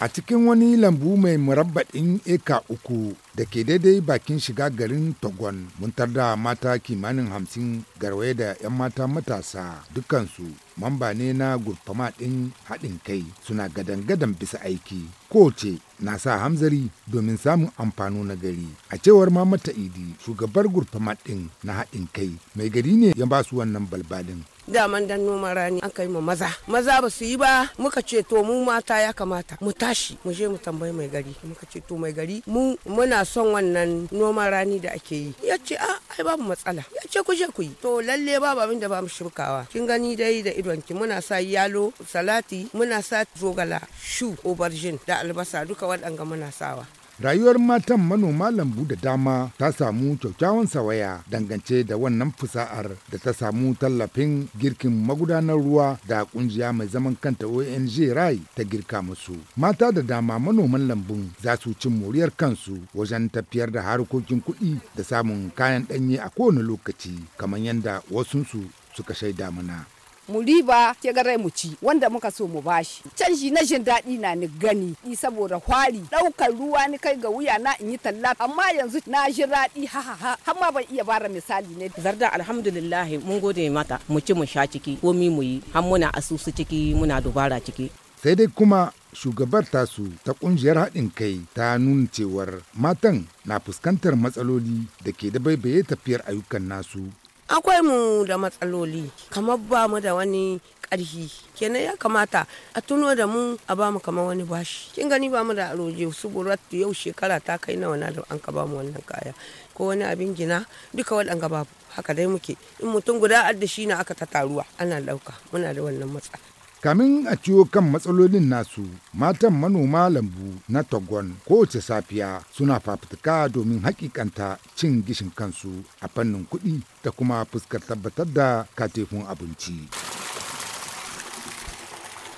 a cikin wani lambu mai murabba'in eka uku. da ke daidai bakin shiga garin Togon mun da mata kimanin hamsin garwaye da 'yan mata matasa dukansu mamba ne na gurfama ɗin haɗin kai suna gadan-gadan bisa aiki kowace na sa hamzari domin samun amfano na gari a cewar mamata idi shugabar gurfama ɗin na haɗin kai mai gari ne ya ba su wannan balbalin daman dan noma rani an kai mu maza maza ba su yi ba muka ce to mu mata ya kamata mu tashi mu je mu tambayi mai gari muka ce to mai gari mu muna son wannan noman rani da ake yi ya ce a ah, ai babu matsala ya ce ku je ku yi to lalle babu abin da ba mu shirkawa kin gani dai da idonki muna sa yalo salati muna sa zogala shu aubergine da albasa duka waɗanga muna sawa Rayuwar matan manoma lambu da dama ta samu kyakkyawan sawaya dangance da wannan fusa'ar da ta samu tallafin girkin magudanar ruwa da kungiya mai zaman kanta ONG Rai ta girka musu. Mata da dama manoman lambun za su cin moriyar kansu wajen tafiyar da harkokin kuɗi da samun kayan ɗanye a kowane lokaci kamar yadda wasunsu suka shaida mana. mu riba ke gare mu ci wanda muka so mu bashi canji na jin daɗi na ni gani ni saboda hwari ɗaukar ruwa ni kai ga wuya na in yi talla amma yanzu na ji daɗi ha ha har ma ban iya bara misali ne zarda alhamdulillah mun gode mata mu ci mu sha ciki komi mu yi har muna asusu ciki muna dubara ciki sai dai kuma shugabar tasu ta kungiyar haɗin kai ta nuna cewar matan na fuskantar matsaloli da ke da baibaye tafiyar ayyukan nasu akwai mu da matsaloli kamar ba mu da wani ƙarfi kenan ya kamata a tuno da mu a ba mu kamar wani bashi kin gani ba mu da aroje su buratu yau shekara ta kai nawa na da an ka ba mu wannan kaya ko wani abin gina duka waɗanga babu haka dai muke in mutum guda addashi shi na aka ta taruwa ana ɗauka muna da wannan matsala Kamin a ciwo kan matsalolin nasu, matan manoma lambu na Togon kowace safiya suna fafutuka domin hakikanta cin gishin kansu a fannin kuɗi da kuma fuskar tabbatar da katifin abinci.